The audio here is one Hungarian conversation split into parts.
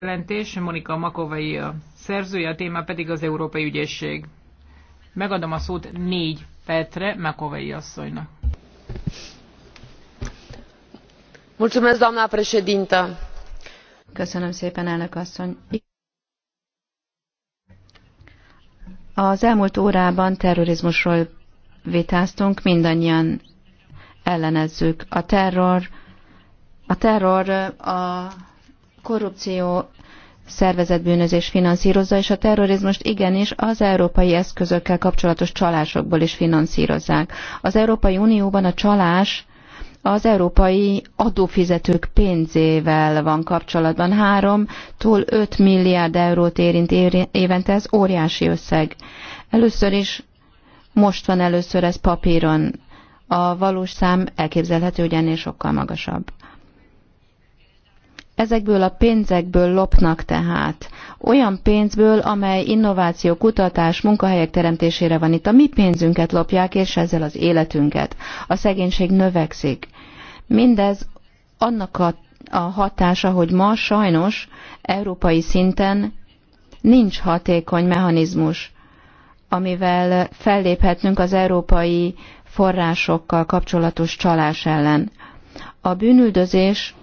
jelentés, Monika Makovai a szerzője, a téma pedig az Európai Ügyészség. Megadom a szót négy Petre Makovai asszonynak. Mulțumesc, doamna președintă. Köszönöm szépen, elnök asszony. Az elmúlt órában terrorizmusról vitáztunk, mindannyian ellenezzük. A terror, a terror a korrupció szervezetbűnözés finanszírozza, és a terrorizmust igenis az európai eszközökkel kapcsolatos csalásokból is finanszírozzák. Az Európai Unióban a csalás az európai adófizetők pénzével van kapcsolatban. 3 túl 5 milliárd eurót érint évente, ez óriási összeg. Először is, most van először ez papíron. A valós szám elképzelhető, hogy ennél sokkal magasabb. Ezekből a pénzekből lopnak tehát. Olyan pénzből, amely innováció, kutatás, munkahelyek teremtésére van itt. A mi pénzünket lopják, és ezzel az életünket. A szegénység növekszik. Mindez annak a, a hatása, hogy ma sajnos európai szinten nincs hatékony mechanizmus, amivel felléphetnünk az európai forrásokkal kapcsolatos csalás ellen. A bűnüldözés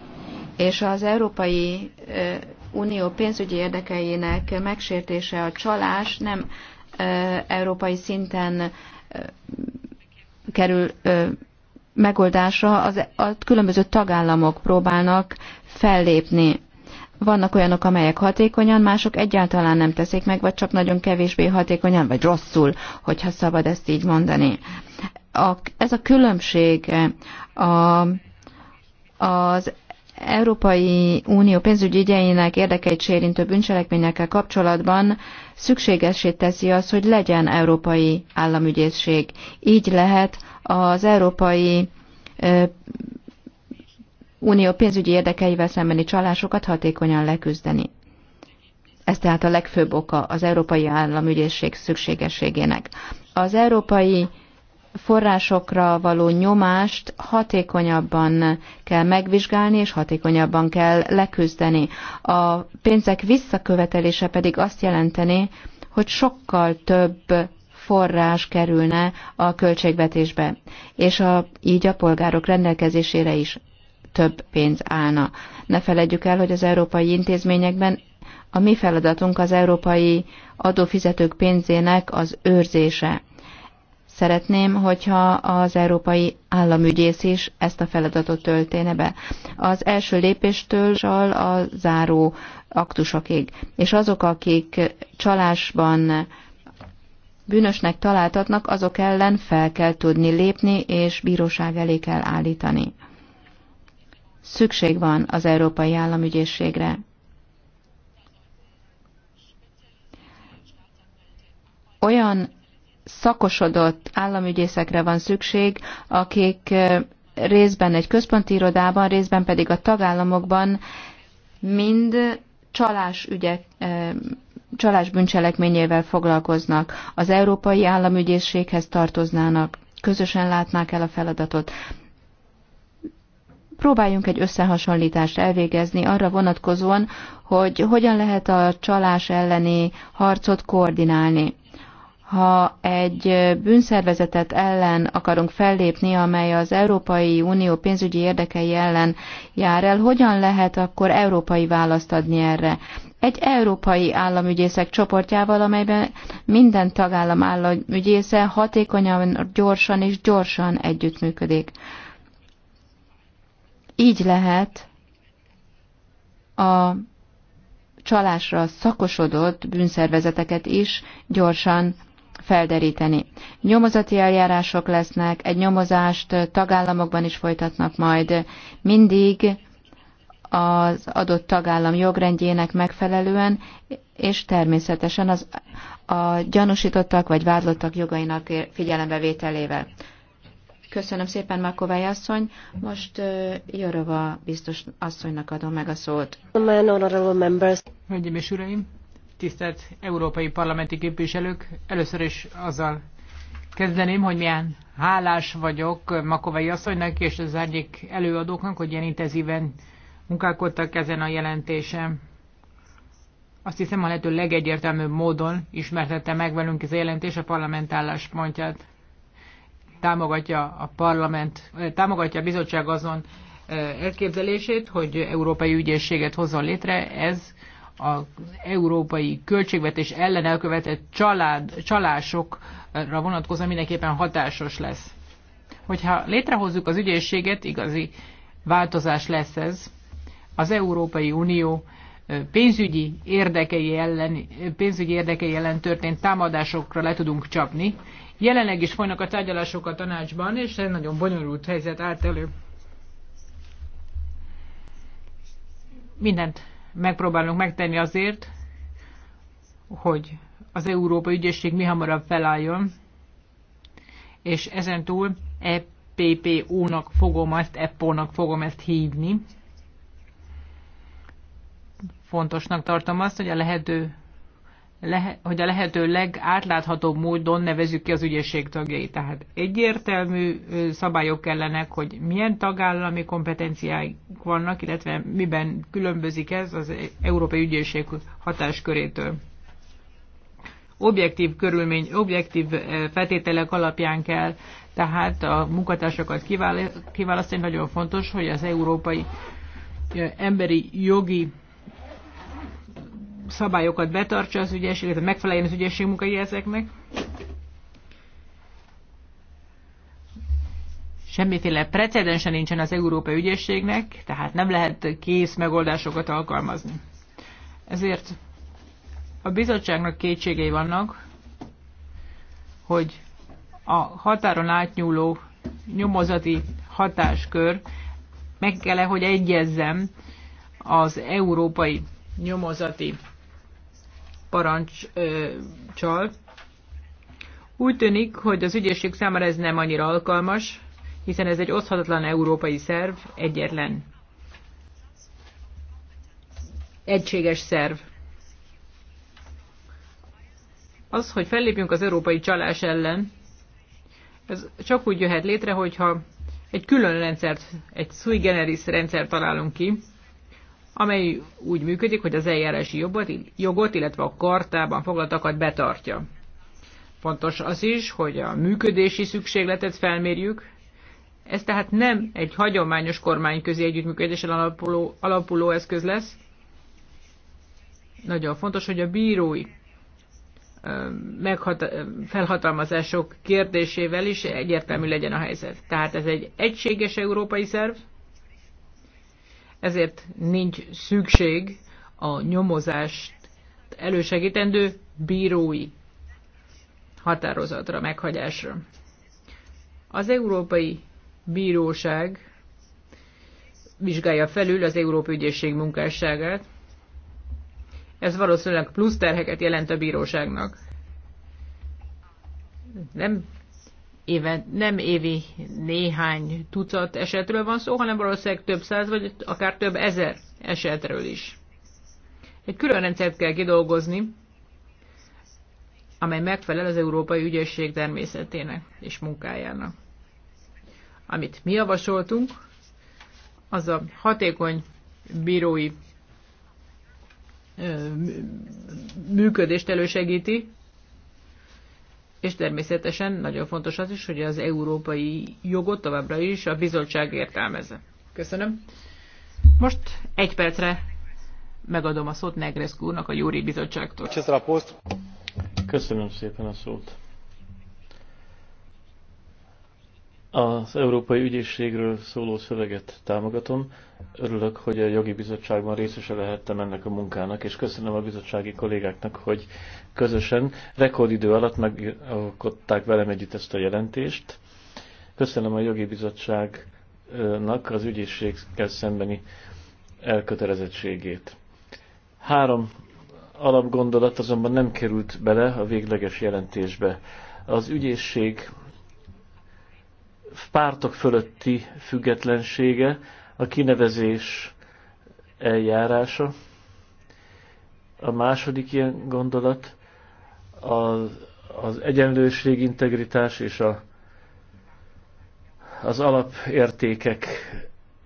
és az Európai Unió pénzügyi érdekeinek megsértése a csalás nem európai szinten kerül megoldásra, az, a különböző tagállamok próbálnak fellépni. Vannak olyanok, amelyek hatékonyan, mások egyáltalán nem teszik meg, vagy csak nagyon kevésbé hatékonyan, vagy rosszul, hogyha szabad ezt így mondani. A, ez a különbség a, az Európai Unió pénzügyi ügyeinek érdekeit sérintő bűncselekményekkel kapcsolatban szükségesé teszi az, hogy legyen európai államügyészség. Így lehet az Európai Unió pénzügyi érdekeivel szembeni csalásokat hatékonyan leküzdeni. Ez tehát a legfőbb oka az Európai Államügyészség szükségességének. Az Európai forrásokra való nyomást hatékonyabban kell megvizsgálni, és hatékonyabban kell leküzdeni. A pénzek visszakövetelése pedig azt jelenteni, hogy sokkal több forrás kerülne a költségvetésbe, és a, így a polgárok rendelkezésére is több pénz állna. Ne feledjük el, hogy az európai intézményekben a mi feladatunk az európai adófizetők pénzének az őrzése. Szeretném, hogyha az európai államügyész is ezt a feladatot tölténe be. Az első lépéstől a záró aktusokig. És azok, akik csalásban bűnösnek találtatnak, azok ellen fel kell tudni lépni, és bíróság elé kell állítani. Szükség van az európai államügyészségre. Olyan szakosodott államügyészekre van szükség, akik részben egy központi irodában, részben pedig a tagállamokban mind csalás ügyek, csalás bűncselekményével foglalkoznak, az európai államügyészséghez tartoznának, közösen látnák el a feladatot. Próbáljunk egy összehasonlítást elvégezni arra vonatkozóan, hogy hogyan lehet a csalás elleni harcot koordinálni ha egy bűnszervezetet ellen akarunk fellépni, amely az Európai Unió pénzügyi érdekei ellen jár el, hogyan lehet akkor európai választ adni erre? Egy európai államügyészek csoportjával, amelyben minden tagállam államügyésze hatékonyan, gyorsan és gyorsan együttműködik. Így lehet a csalásra szakosodott bűnszervezeteket is gyorsan felderíteni. Nyomozati eljárások lesznek, egy nyomozást tagállamokban is folytatnak majd. Mindig az adott tagállam jogrendjének megfelelően, és természetesen az, a gyanúsítottak vagy vádlottak jogainak figyelembevételével. Köszönöm szépen, Makovály asszony. Most uh, Jorova biztos asszonynak adom meg a szót. Hölgyeim és uraim, Tisztelt európai parlamenti képviselők, először is azzal kezdeném, hogy milyen hálás vagyok Makovai asszonynak és az egyik előadóknak, hogy ilyen intenzíven munkálkodtak ezen a jelentésem. Azt hiszem a lehető legegyértelműbb módon ismertette meg velünk ez a jelentés a parlament álláspontját. Támogatja a parlament, eh, támogatja a bizottság azon eh, elképzelését, hogy európai ügyészséget hozzon létre. Ez az európai költségvetés ellen elkövetett család, csalásokra vonatkozóan mindenképpen hatásos lesz. Hogyha létrehozzuk az ügyészséget, igazi változás lesz ez. Az Európai Unió pénzügyi érdekei ellen, pénzügyi érdekei ellen történt támadásokra le tudunk csapni. Jelenleg is folynak a tárgyalások a tanácsban, és egy nagyon bonyolult helyzet állt elő. Mindent megpróbálunk megtenni azért, hogy az Európai ügyesség mi hamarabb felálljon, és ezen túl EPPO-nak fogom ezt, EPPO-nak fogom ezt hívni. Fontosnak tartom azt, hogy a lehető lehe, hogy a lehető legátláthatóbb módon nevezzük ki az ügyészség tagjait. Tehát egyértelmű szabályok kellenek, hogy milyen tagállami kompetenciáik vannak, illetve miben különbözik ez az e-, Európai Ügyészség hatáskörétől. Objektív körülmény, objektív feltételek alapján kell tehát a munkatársakat kiválasztani. Nagyon fontos, hogy az európai emberi jogi szabályokat betartsa az ügyesség, illetve megfeleljen az ügyesség munkai ezeknek. Semmiféle precedensen nincsen az Európai Ügyességnek, tehát nem lehet kész megoldásokat alkalmazni. Ezért a bizottságnak kétségei vannak, hogy a határon átnyúló nyomozati hatáskör meg kell -e, hogy egyezzem az európai nyomozati parancsal. Úgy tűnik, hogy az ügyészség számára ez nem annyira alkalmas, hiszen ez egy oszthatatlan európai szerv, egyetlen egységes szerv. Az, hogy fellépjünk az európai csalás ellen, ez csak úgy jöhet létre, hogyha egy külön rendszert, egy sui generis rendszert találunk ki, amely úgy működik, hogy az eljárási jogot, jogot illetve a kartában foglaltakat betartja. Fontos az is, hogy a működési szükségletet felmérjük. Ez tehát nem egy hagyományos kormányközi együttműködésen alapuló, alapuló eszköz lesz. Nagyon fontos, hogy a bírói felhatalmazások kérdésével is egyértelmű legyen a helyzet. Tehát ez egy egységes európai szerv, ezért nincs szükség a nyomozást elősegítendő bírói határozatra, meghagyásra. Az Európai Bíróság vizsgálja felül az Európai Ügyészség munkásságát. Ez valószínűleg plusz terheket jelent a bíróságnak. Nem éve, nem évi néhány tucat esetről van szó, hanem valószínűleg több száz, vagy akár több ezer esetről is. Egy külön rendszert kell kidolgozni, amely megfelel az európai ügyesség természetének és munkájának. Amit mi javasoltunk, az a hatékony bírói működést elősegíti, és természetesen nagyon fontos az is, hogy az európai jogot továbbra is a bizottság értelmezze. Köszönöm. Most egy percre megadom a szót Negrescu-nak a Júri Bizottságtól. Köszönöm szépen a szót. Az Európai Ügyészségről szóló szöveget támogatom. Örülök, hogy a jogi bizottságban részese lehettem ennek a munkának, és köszönöm a bizottsági kollégáknak, hogy közösen rekordidő alatt megalkották velem együtt ezt a jelentést. Köszönöm a jogi bizottságnak az ügyészséggel szembeni elkötelezettségét. Három alapgondolat azonban nem került bele a végleges jelentésbe. Az ügyészség pártok fölötti függetlensége, a kinevezés eljárása. A második ilyen gondolat az, az egyenlőség, integritás és a, az alapértékek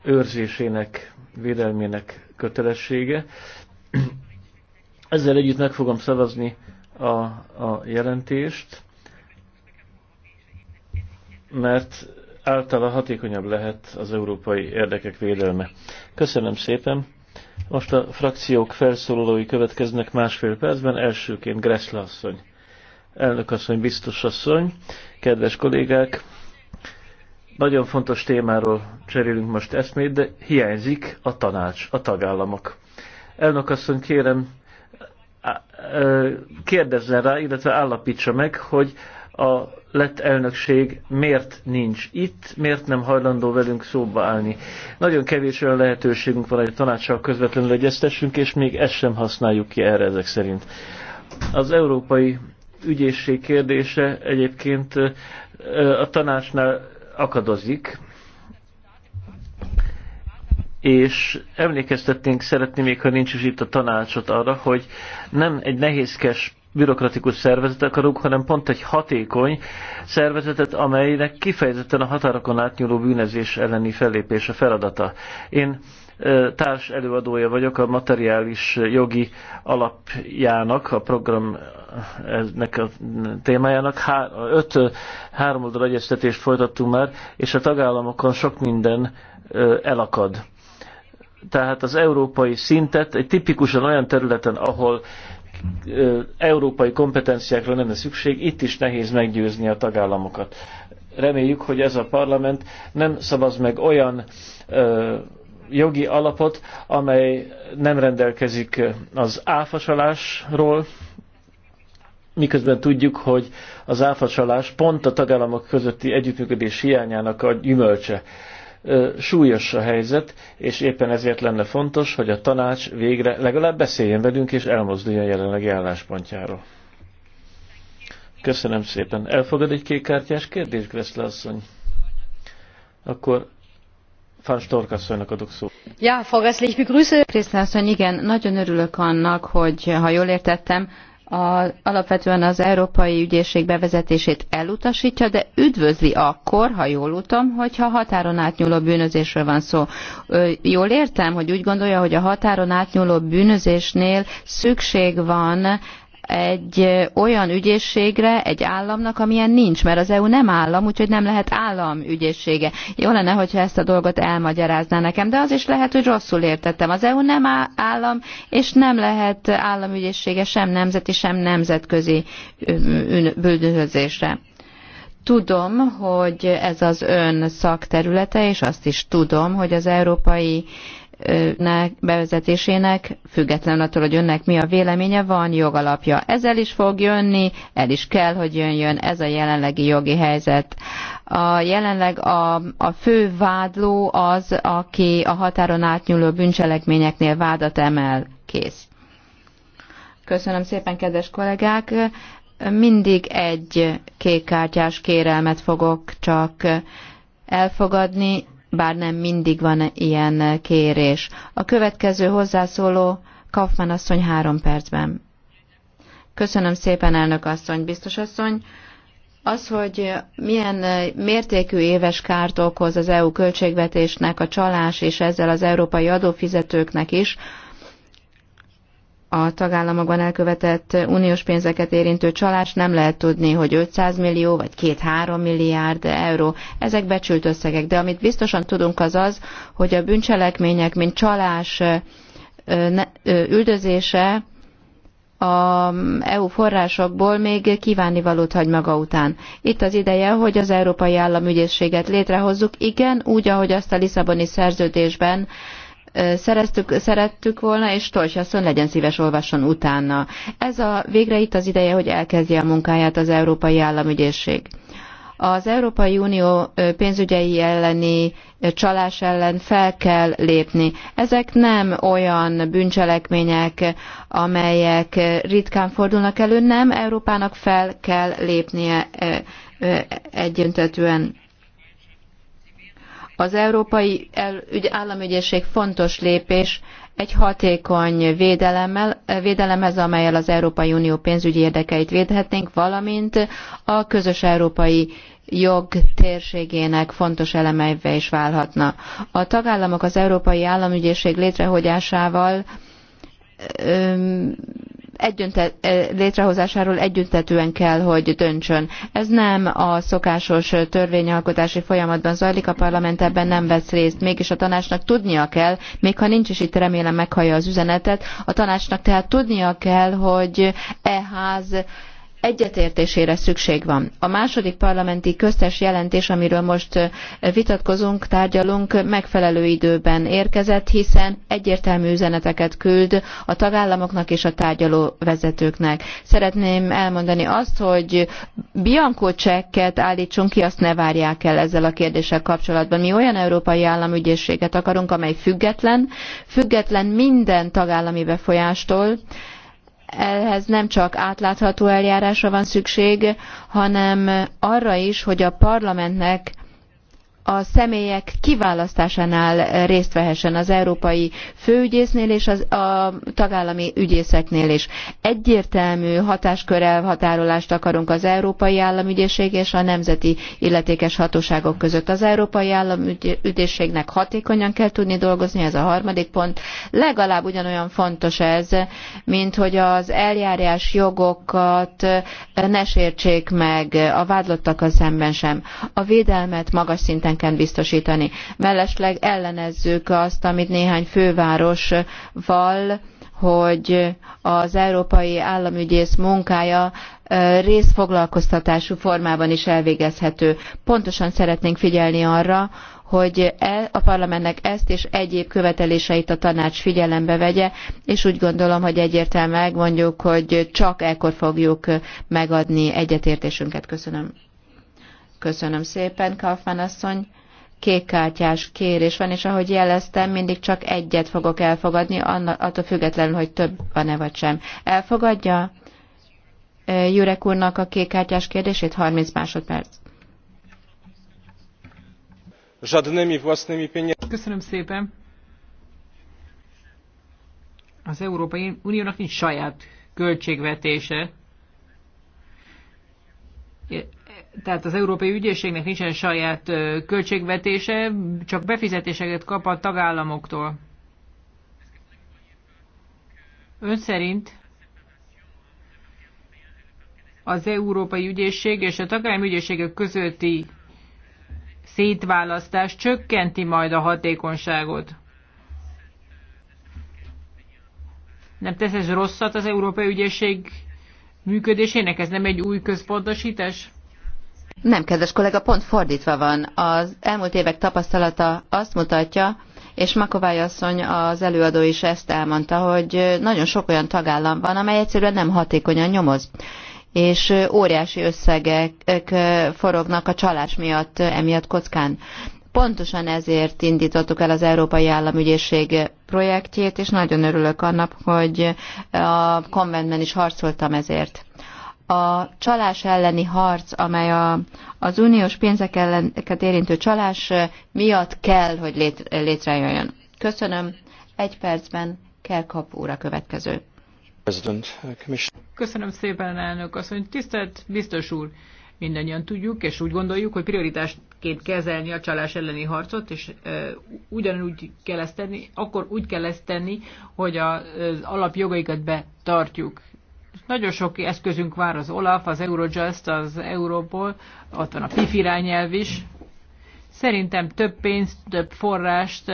őrzésének, védelmének kötelessége. Ezzel együtt meg fogom szavazni a, a jelentést, mert általa hatékonyabb lehet az európai érdekek védelme. Köszönöm szépen! Most a frakciók felszólalói következnek másfél percben. Elsőként Gressle asszony, elnök asszony, biztos asszony, kedves kollégák! Nagyon fontos témáról cserélünk most eszmét, de hiányzik a tanács, a tagállamok. Elnök asszony, kérem, kérdezzen rá, illetve állapítsa meg, hogy a lett elnökség miért nincs itt, miért nem hajlandó velünk szóba állni. Nagyon kevés olyan lehetőségünk van, hogy a tanácssal közvetlenül egyeztessünk, és még ezt sem használjuk ki erre ezek szerint. Az európai ügyészség kérdése egyébként a tanácsnál akadozik, és emlékeztetnénk szeretni, még ha nincs is itt a tanácsot arra, hogy nem egy nehézkes bürokratikus szervezet akarunk, hanem pont egy hatékony szervezetet, amelynek kifejezetten a határokon átnyúló bűnözés elleni fellépés a feladata. Én társ előadója vagyok a materiális jogi alapjának, a program ennek a témájának. Há, öt oldal egyeztetést folytattunk már, és a tagállamokon sok minden elakad. Tehát az európai szintet egy tipikusan olyan területen, ahol európai kompetenciákra lenne szükség, itt is nehéz meggyőzni a tagállamokat. Reméljük, hogy ez a parlament nem szavaz meg olyan ö, jogi alapot, amely nem rendelkezik az áfacsalásról, miközben tudjuk, hogy az áfacsalás pont a tagállamok közötti együttműködés hiányának a gyümölcse súlyos a helyzet, és éppen ezért lenne fontos, hogy a tanács végre legalább beszéljen velünk, és elmozduljon jelenlegi álláspontjáról. Köszönöm szépen. Elfogad egy kékkártyás kérdés, Greszle asszony? Akkor Van Stork adok szót. Ja, Frau Gressle, ich begrüße. Gressle asszony, igen, nagyon örülök annak, hogy ha jól értettem, a, alapvetően az Európai Ügyészség bevezetését elutasítja, de üdvözli akkor, ha jól utom, hogyha határon átnyúló bűnözésről van szó. Ö, jól értem, hogy úgy gondolja, hogy a határon átnyúló bűnözésnél szükség van egy olyan ügyészségre egy államnak, amilyen nincs, mert az EU nem állam, úgyhogy nem lehet állam ügyészsége. Jó lenne, hogyha ezt a dolgot elmagyarázná nekem, de az is lehet, hogy rosszul értettem. Az EU nem állam, és nem lehet ügyészsége sem nemzeti, sem nemzetközi bűnözésre. Tudom, hogy ez az ön szakterülete, és azt is tudom, hogy az európai uh, bevezetésének, függetlenül attól, hogy önnek mi a véleménye, van jogalapja. Ezzel is fog jönni, el is kell, hogy jönjön, ez a jelenlegi jogi helyzet. A jelenleg a, a fő vádló az, aki a határon átnyúló bűncselekményeknél vádat emel. Kész. Köszönöm szépen, kedves kollégák! Mindig egy kék kártyás kérelmet fogok csak elfogadni bár nem mindig van ilyen kérés. A következő hozzászóló Kaufmann asszony három percben. Köszönöm szépen, elnök asszony, biztos asszony. Az, hogy milyen mértékű éves kárt okoz az EU költségvetésnek a csalás, és ezzel az európai adófizetőknek is, a tagállamokban elkövetett uniós pénzeket érintő csalás nem lehet tudni, hogy 500 millió vagy 2-3 milliárd euró. Ezek becsült összegek, de amit biztosan tudunk az az, hogy a bűncselekmények, mint csalás üldözése a mm, EU forrásokból még kívánivalót hagy maga után. Itt az ideje, hogy az Európai Államügyészséget létrehozzuk, igen, úgy, ahogy azt a Lisszaboni szerződésben szereztük, szerettük volna, és asszony legyen szíves olvasson utána. Ez a végre itt az ideje, hogy elkezdje a munkáját az Európai Államügyészség. Az Európai Unió pénzügyei elleni csalás ellen fel kell lépni. Ezek nem olyan bűncselekmények, amelyek ritkán fordulnak elő, nem Európának fel kell lépnie egyöntetően az Európai Államügyészség fontos lépés egy hatékony védelemmel, védelemhez, amelyel az Európai Unió pénzügyi érdekeit védhetnénk, valamint a közös európai jog térségének fontos elemeivé is válhatna. A tagállamok az Európai Államügyészség létrehozásával Eh, létrehozásáról együttetően kell, hogy döntsön. Ez nem a szokásos törvényalkotási folyamatban zajlik, a parlament ebben nem vesz részt, mégis a tanácsnak tudnia kell, még ha nincs is itt, remélem meghallja az üzenetet, a tanácsnak tehát tudnia kell, hogy e ház egyetértésére szükség van. A második parlamenti köztes jelentés, amiről most vitatkozunk, tárgyalunk, megfelelő időben érkezett, hiszen egyértelmű üzeneteket küld a tagállamoknak és a tárgyaló vezetőknek. Szeretném elmondani azt, hogy Bianco csekket állítsunk ki, azt ne várják el ezzel a kérdéssel kapcsolatban. Mi olyan európai államügyészséget akarunk, amely független, független minden tagállami befolyástól, ehhez nem csak átlátható eljárásra van szükség, hanem arra is, hogy a parlamentnek a személyek kiválasztásánál részt vehessen az európai főügyésznél és az, a tagállami ügyészeknél is. Egyértelmű hatáskör elhatárolást akarunk az európai államügyészség és a nemzeti illetékes hatóságok között. Az európai államügyészségnek hatékonyan kell tudni dolgozni, ez a harmadik pont. Legalább ugyanolyan fontos ez, mint hogy az eljárás jogokat ne sértsék meg a vádlottak szemben sem. A védelmet magas szinten területeinken biztosítani. Mellesleg ellenezzük azt, amit néhány főváros val, hogy az európai államügyész munkája részfoglalkoztatású formában is elvégezhető. Pontosan szeretnénk figyelni arra, hogy e, a parlamentnek ezt és egyéb követeléseit a tanács figyelembe vegye, és úgy gondolom, hogy egyértelműen megmondjuk, hogy csak ekkor fogjuk megadni egyetértésünket. Köszönöm. Köszönöm szépen, Kaufmann asszony. Kékkártyás kérés van, és ahogy jeleztem, mindig csak egyet fogok elfogadni, attól függetlenül, hogy több van-e vagy sem. Elfogadja Jurek úrnak a kékkártyás kérdését? 30 másodperc. Köszönöm szépen. Az Európai Uniónak nincs saját költségvetése tehát az Európai Ügyészségnek nincsen saját költségvetése, csak befizetéseket kap a tagállamoktól. Ön szerint az Európai Ügyészség és a tagállami ügyészségek közötti szétválasztás csökkenti majd a hatékonyságot. Nem tesz ez rosszat az Európai Ügyészség működésének? Ez nem egy új központosítás? Nem, kedves kollega, pont fordítva van. Az elmúlt évek tapasztalata azt mutatja, és Makovály asszony, az előadó is ezt elmondta, hogy nagyon sok olyan tagállam van, amely egyszerűen nem hatékonyan nyomoz és óriási összegek forognak a csalás miatt, emiatt kockán. Pontosan ezért indítottuk el az Európai Államügyészség projektjét, és nagyon örülök annak, hogy a konventben is harcoltam ezért a csalás elleni harc, amely a, az uniós pénzeket érintő csalás miatt kell, hogy lét, létrejöjjön. Köszönöm. Egy percben kell kap úr a következő. Uh, Köszönöm szépen, elnök asszony. Tisztelt biztos úr, mindannyian tudjuk, és úgy gondoljuk, hogy prioritásként kezelni a csalás elleni harcot, és e, ugyanúgy kell ezt tenni, akkor úgy kell ezt tenni, hogy az alapjogaikat betartjuk nagyon sok eszközünk vár az OLAF, az Eurojust, az Europol, ott van a PIF irányelv is. Szerintem több pénzt, több forrást,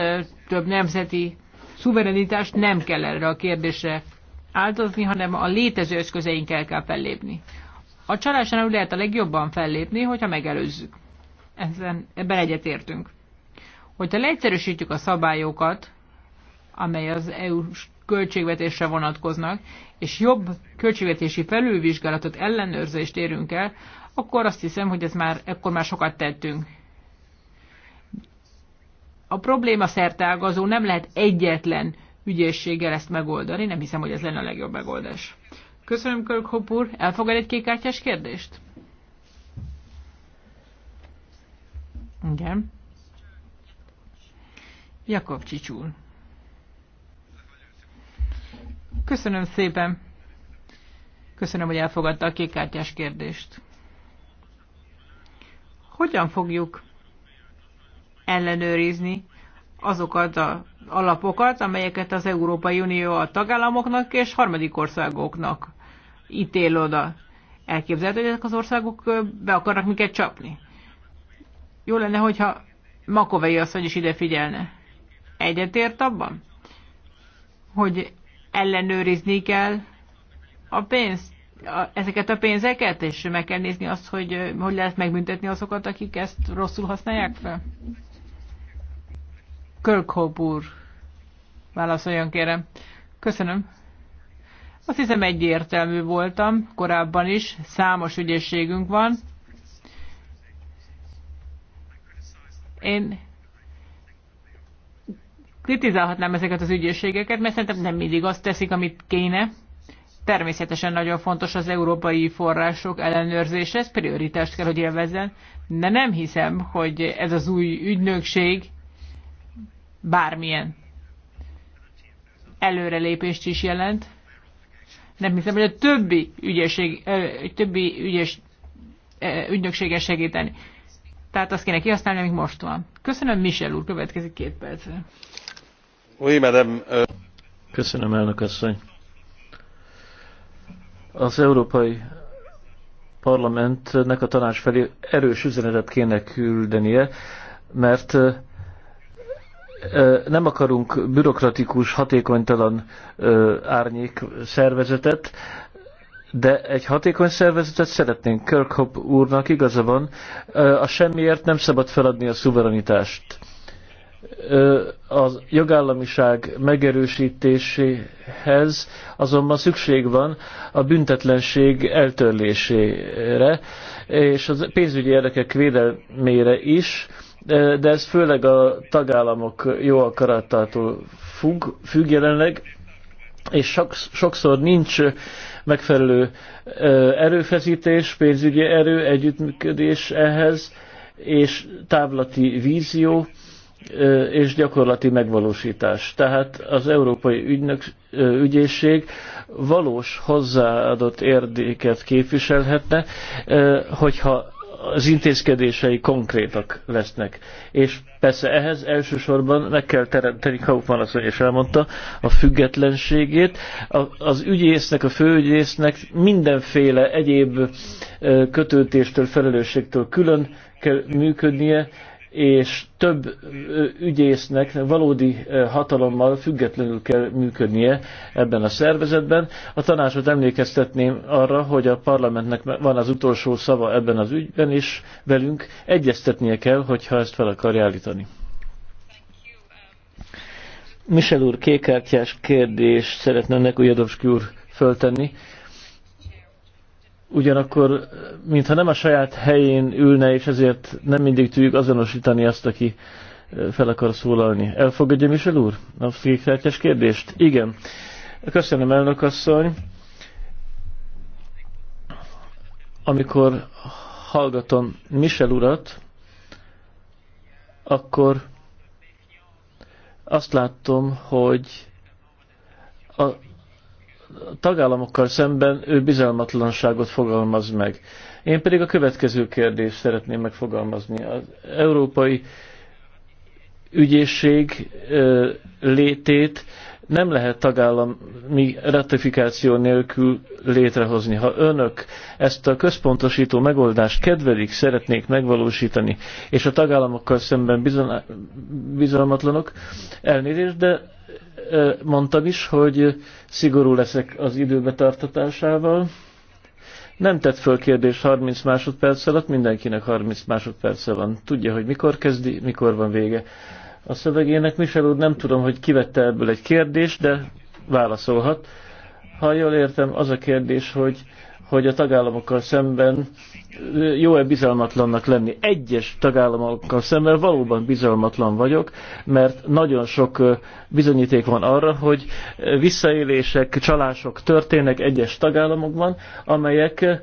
több nemzeti szuverenitást nem kell erre a kérdésre áldozni, hanem a létező eszközeinkkel kell fellépni. A csalásán úgy lehet a legjobban fellépni, hogyha megelőzzük. Ezen, ebben egyetértünk. Hogyha leegyszerűsítjük a szabályokat, amely az EU-s költségvetésre vonatkoznak, és jobb költségvetési felülvizsgálatot, ellenőrzést érünk el, akkor azt hiszem, hogy ez már, ekkor már sokat tettünk. A probléma szertágazó nem lehet egyetlen ügyészséggel ezt megoldani, nem hiszem, hogy ez lenne a legjobb megoldás. Köszönöm, Körk Hopur. Elfogad egy kékkártyás kérdést? Igen. Jakob Csicsúr. Köszönöm szépen. Köszönöm, hogy elfogadta a kékkártyás kérdést. Hogyan fogjuk ellenőrizni azokat az alapokat, amelyeket az Európai Unió a tagállamoknak és harmadik országoknak ítél oda? Elképzelhető, hogy ezek az országok be akarnak minket csapni. Jó lenne, hogyha Makovei asszony is ide figyelne. Egyetért abban, hogy ellenőrizni kell a pénzt, a, ezeket a pénzeket, és meg kell nézni azt, hogy hogy lehet megbüntetni azokat, akik ezt rosszul használják fel. Kirkhope úr, válaszoljon kérem. Köszönöm. Azt hiszem egyértelmű voltam, korábban is, számos ügyességünk van. Én kritizálhatnám ezeket az ügyészségeket, mert szerintem nem mindig azt teszik, amit kéne. Természetesen nagyon fontos az európai források ellenőrzése, ez prioritást kell, hogy élvezzen, de nem hiszem, hogy ez az új ügynökség bármilyen előrelépést is jelent. Nem hiszem, hogy a többi, ügyesség, többi ügyes, ügynökséget segíteni. Tehát azt kéne kihasználni, amik most van. Köszönöm, Michel úr, következik két percre. Euh, Köszönöm, elnök asszony. Az Európai Parlamentnek a tanács felé erős üzenetet kéne küldenie, mert nem akarunk bürokratikus, hatékonytalan árnyék szervezetet, de egy hatékony szervezetet szeretnénk. Kirkhope úrnak igaza van, a semmiért nem szabad feladni a szuverenitást az jogállamiság megerősítéséhez azonban szükség van a büntetlenség eltörlésére, és a pénzügyi érdekek védelmére is, de ez főleg a tagállamok jó akaratától függ, függ jelenleg, és sokszor nincs megfelelő erőfeszítés, pénzügyi erő, együttműködés ehhez, és távlati vízió, és gyakorlati megvalósítás. Tehát az Európai Ügynök, Ügyészség valós hozzáadott érdéket képviselhetne, hogyha az intézkedései konkrétak lesznek. És persze ehhez elsősorban meg kell teremteni, Kaufmann asszony is elmondta, a függetlenségét. A, az ügyésznek, a főügyésznek mindenféle egyéb kötőtéstől, felelősségtől külön kell működnie, és több ügyésznek valódi hatalommal függetlenül kell működnie ebben a szervezetben. A tanácsot emlékeztetném arra, hogy a parlamentnek van az utolsó szava ebben az ügyben, és velünk egyeztetnie kell, hogyha ezt fel akarja állítani. Michel úr kékkártyás kérdést szeretne önnek úr föltenni ugyanakkor mintha nem a saját helyén ülne, és ezért nem mindig tudjuk azonosítani azt, aki fel akar szólalni. Elfogadja Michel úr a kékkártyás kérdést? Igen. Köszönöm, elnök asszony. Amikor hallgatom Michel urat, akkor azt látom, hogy a tagállamokkal szemben ő bizalmatlanságot fogalmaz meg. Én pedig a következő kérdést szeretném megfogalmazni. Az európai ügyészség létét nem lehet tagállami ratifikáció nélkül létrehozni. Ha önök ezt a központosító megoldást kedvelik, szeretnék megvalósítani, és a tagállamokkal szemben bizalmatlanok, elnézést, de mondtam is, hogy szigorú leszek az időbetartatásával. Nem tett föl kérdés 30 másodperc alatt, mindenkinek 30 másodperce van. Tudja, hogy mikor kezdi, mikor van vége. A szövegének Michel úr nem tudom, hogy kivette ebből egy kérdést, de válaszolhat. Ha jól értem, az a kérdés, hogy hogy a tagállamokkal szemben jó-e bizalmatlannak lenni. Egyes tagállamokkal szemben valóban bizalmatlan vagyok, mert nagyon sok bizonyíték van arra, hogy visszaélések, csalások történnek egyes tagállamokban, amelyek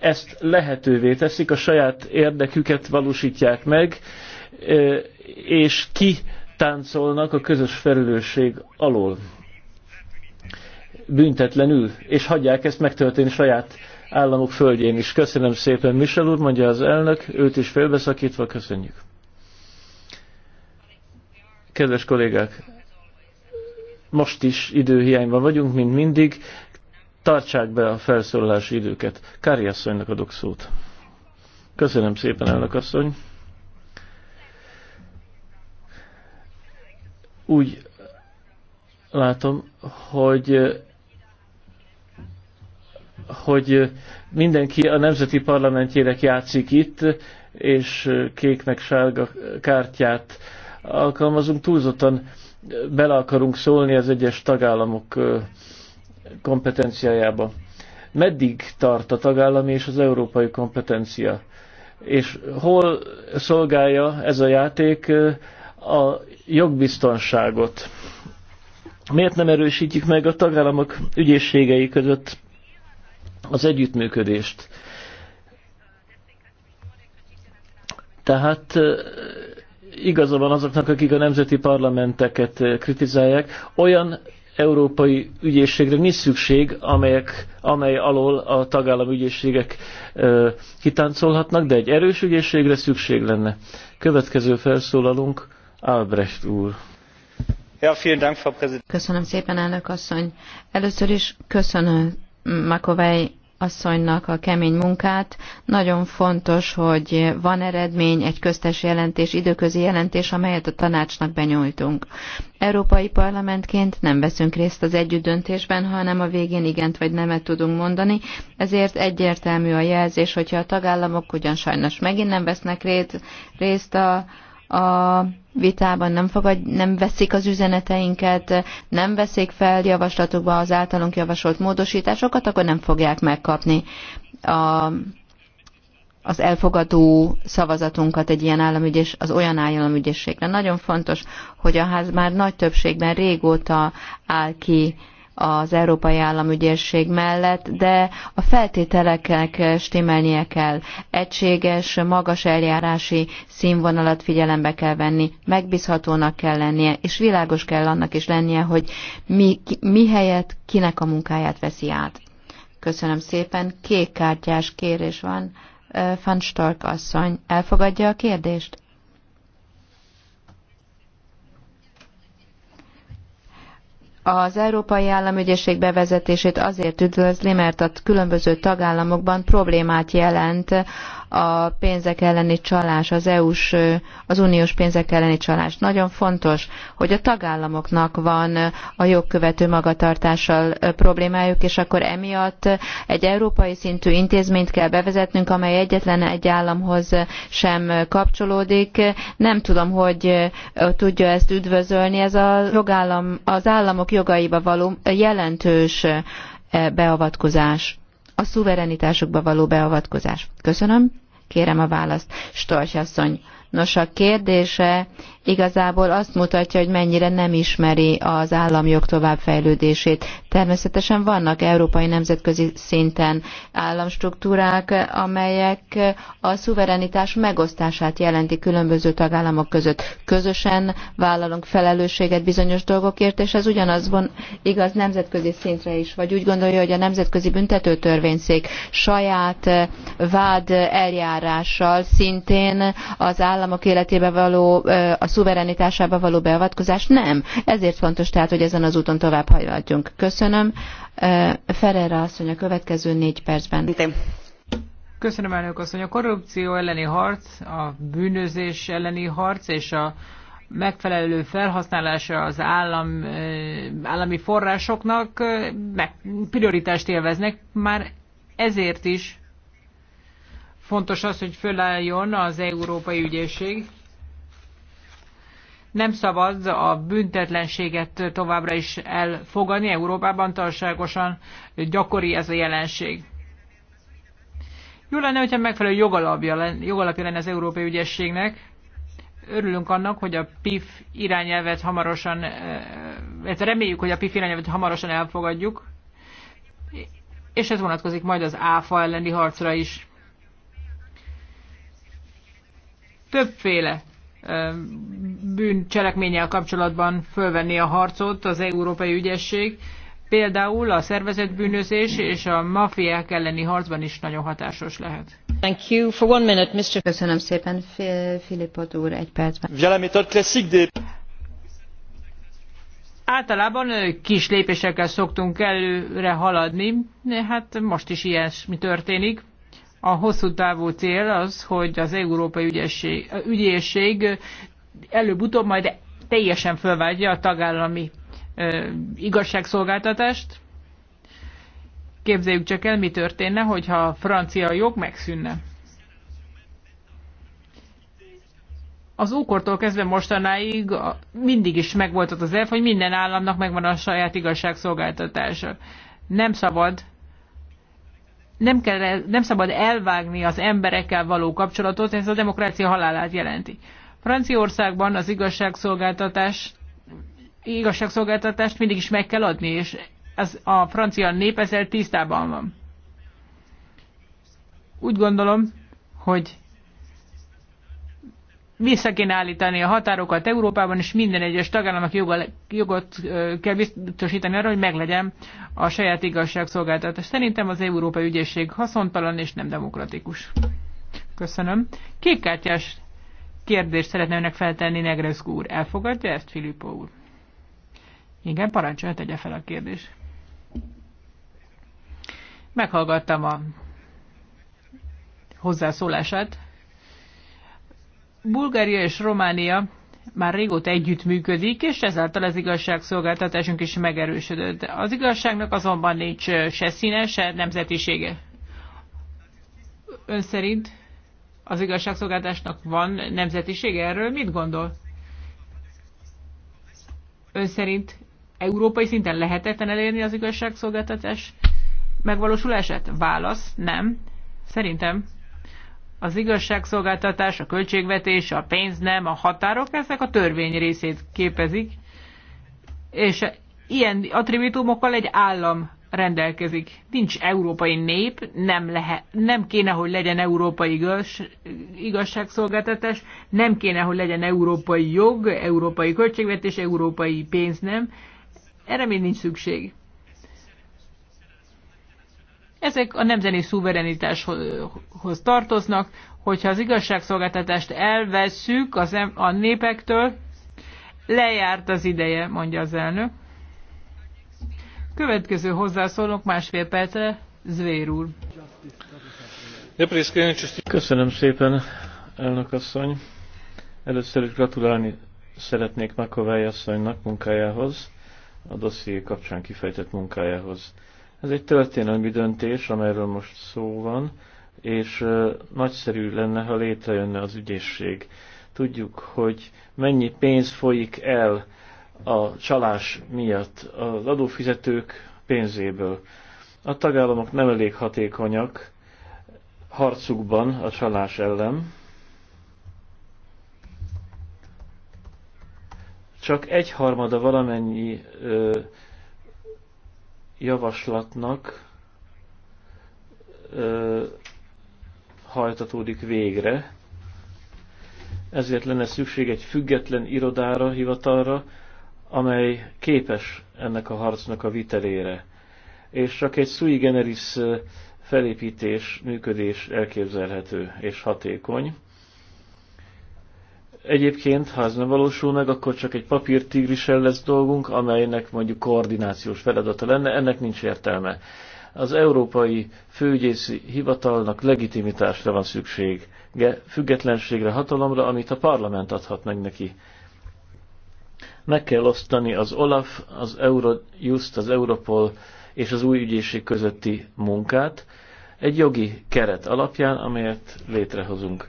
ezt lehetővé teszik, a saját érdeküket valósítják meg, és táncolnak a közös felelősség alól büntetlenül, és hagyják ezt megtörténni saját államok földjén is. Köszönöm szépen, Michel úr, mondja az elnök, őt is félbeszakítva köszönjük. Kedves kollégák, most is időhiányban vagyunk, mint mindig. Tartsák be a felszólalási időket. Kári asszonynak adok szót. Köszönöm szépen, elnök asszony. Úgy látom, hogy hogy mindenki a nemzeti parlamentjének játszik itt, és kéknek sárga kártyát alkalmazunk, túlzottan bele akarunk szólni az egyes tagállamok kompetenciájába. Meddig tart a tagállami és az európai kompetencia? És hol szolgálja ez a játék a jogbiztonságot? Miért nem erősítjük meg a tagállamok ügyészségei között az együttműködést. Tehát eh, igaza van azoknak, akik a nemzeti parlamenteket eh, kritizálják, olyan európai ügyészségre nincs szükség, amelyek, amely alól a tagállam ügyészségek eh, kitáncolhatnak, de egy erős ügyészségre szükség lenne. Következő felszólalunk Albrecht úr. Ja, vielen Dank, Frau Köszönöm szépen, elnök asszony. Először is köszönöm Makovej asszonynak a kemény munkát. Nagyon fontos, hogy van eredmény, egy köztes jelentés, időközi jelentés, amelyet a tanácsnak benyújtunk. Európai Parlamentként nem veszünk részt az együttdöntésben, hanem a végén igent vagy nemet tudunk mondani, ezért egyértelmű a jelzés, hogyha a tagállamok ugyan sajnos megint nem vesznek részt a a vitában nem, fogad, nem veszik az üzeneteinket, nem veszik fel javaslatokba az általunk javasolt módosításokat, akkor nem fogják megkapni a, az elfogadó szavazatunkat egy ilyen államügyés, az olyan államügyészségre. Nagyon fontos, hogy a ház már nagy többségben régóta áll ki az Európai Államügyészség mellett, de a feltételeknek stimmelnie kell. Egységes, magas eljárási színvonalat figyelembe kell venni, megbízhatónak kell lennie, és világos kell annak is lennie, hogy mi, mi helyett kinek a munkáját veszi át. Köszönöm szépen. Kék kártyás kérés van. Van Stark asszony, elfogadja a kérdést? Az Európai Államügyészség bevezetését azért üdvözli, mert a különböző tagállamokban problémát jelent a pénzek elleni csalás, az EU-s, az uniós pénzek elleni csalás. Nagyon fontos, hogy a tagállamoknak van a jogkövető magatartással problémájuk, és akkor emiatt egy európai szintű intézményt kell bevezetnünk, amely egyetlen egy államhoz sem kapcsolódik. Nem tudom, hogy tudja ezt üdvözölni. Ez a jogállam, az államok jogaiba való jelentős beavatkozás a szuverenitásokba való beavatkozás. Köszönöm. Kérem a választ, Storch asszony. Nos, a kérdése igazából azt mutatja, hogy mennyire nem ismeri az államjog továbbfejlődését. Természetesen vannak európai nemzetközi szinten államstruktúrák, amelyek a szuverenitás megosztását jelenti különböző tagállamok között. Közösen vállalunk felelősséget bizonyos dolgokért, és ez ugyanazban igaz nemzetközi szintre is. Vagy úgy gondolja, hogy a Nemzetközi Büntetőtörvényszék saját eh, vád eljárással szintén az államok életébe való eh, a szuverenitásába való beavatkozás? Nem. Ezért fontos tehát, hogy ezen az úton tovább hajlaltjunk. Köszönöm. Ferreira asszony a következő négy percben. Köszönöm, elnök asszony. A korrupció elleni harc, a bűnözés elleni harc és a megfelelő felhasználása az állam, állami forrásoknak meg, prioritást élveznek, már ezért is fontos az, hogy fölálljon az Európai Ügyészség nem szabad a büntetlenséget továbbra is elfogadni. Európában tartságosan gyakori ez a jelenség. Jó lenne, hogyha megfelelő jogalapja, jogalapja lenne az Európai Ügyességnek. Örülünk annak, hogy a PIF irányelvet hamarosan, eh, reméljük, hogy a PIF irányelvet hamarosan elfogadjuk, és ez vonatkozik majd az ÁFA elleni harcra is. Többféle bűncselekménnyel kapcsolatban fölvenni a harcot az Európai Ügyesség. Például a szervezett bűnözés és a mafiák elleni harcban is nagyon hatásos lehet. Thank you for one minute, Mr. Köszönöm szépen, Filipot úr, egy percben. Általában kis lépésekkel szoktunk előre haladni, hát most is ilyesmi történik a hosszú távú cél az, hogy az Európai Ügyesség, Ügyészség előbb-utóbb majd teljesen fölváltja a tagállami ö, igazságszolgáltatást. Képzeljük csak el, mi történne, hogyha a francia jog megszűnne. az ókortól kezdve mostanáig mindig is megvolt az elf, hogy minden államnak megvan a saját igazságszolgáltatása. Nem szabad nem, kell, nem szabad elvágni az emberekkel való kapcsolatot, ez a demokrácia halálát jelenti. Franciaországban az igazságszolgáltatás igazságszolgáltatást mindig is meg kell adni, és ez a francia nép ezzel tisztában van. Úgy gondolom, hogy vissza kéne állítani a határokat Európában, és minden egyes tagállamnak jogot kell biztosítani arra, hogy meglegyen a saját igazságszolgáltatás. Szerintem az Európai Ügyészség haszontalan és nem demokratikus. Köszönöm. Kékkártyás kérdést szeretném önnek feltenni Negreszkú úr. Elfogadja ezt, Filippo úr? Igen, parancsolja, tegye fel a kérdést. Meghallgattam a hozzászólását, Bulgária és Románia már régóta együttműködik, és ezáltal az igazságszolgáltatásunk is megerősödött. Az igazságnak azonban nincs se színe, se nemzetisége. Ön szerint az igazságszolgáltatásnak van nemzetisége? Erről mit gondol? Ön szerint európai szinten lehetetlen elérni az igazságszolgáltatás megvalósulását? Válasz, nem. Szerintem az igazságszolgáltatás, a költségvetés, a pénz nem, a határok, ezek a törvény részét képezik, és ilyen attribútumokkal egy állam rendelkezik. Nincs európai nép, nem, lehet, nem kéne, hogy legyen európai igaz, igazságszolgáltatás, nem kéne, hogy legyen európai jog, európai költségvetés, európai pénz, nem. Erre még nincs szükség. Ezek a nemzeti szuverenitáshoz tartoznak, hogyha az igazságszolgáltatást elvesszük az em- a népektől, lejárt az ideje, mondja az elnök. Következő hozzászólók másfél percre, Zvér úr. Köszönöm szépen, elnök asszony. Először is gratulálni szeretnék Makovály asszonynak munkájához, a dosszié kapcsán kifejtett munkájához. Ez egy történelmi döntés, amelyről most szó van, és nagyszerű lenne, ha létrejönne az ügyészség. Tudjuk, hogy mennyi pénz folyik el a csalás miatt az adófizetők pénzéből. A tagállamok nem elég hatékonyak harcukban a csalás ellen. Csak egyharmada valamennyi ö, javaslatnak ö, hajtatódik végre. Ezért lenne szükség egy független irodára, hivatalra, amely képes ennek a harcnak a vitelére. És csak egy sui generis felépítés, működés elképzelhető és hatékony. Egyébként, ha ez nem valósul meg, akkor csak egy papírtigrissel lesz dolgunk, amelynek mondjuk koordinációs feladata lenne, ennek nincs értelme. Az Európai Főügyészi Hivatalnak legitimitásra van szüksége, függetlenségre, hatalomra, amit a parlament adhat meg neki. Meg kell osztani az OLAF, az Eurojust, az Europol és az új ügyészség közötti munkát egy jogi keret alapján, amelyet létrehozunk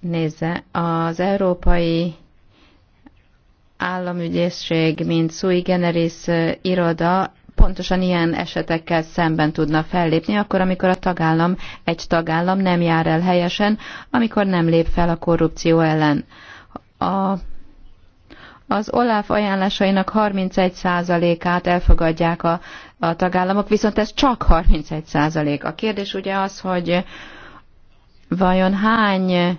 nézze, az európai államügyészség, mint sui generis iroda pontosan ilyen esetekkel szemben tudna fellépni, akkor, amikor a tagállam, egy tagállam nem jár el helyesen, amikor nem lép fel a korrupció ellen. A, az OLAF ajánlásainak 31%-át elfogadják a, a tagállamok, viszont ez csak 31%. A kérdés ugye az, hogy vajon hány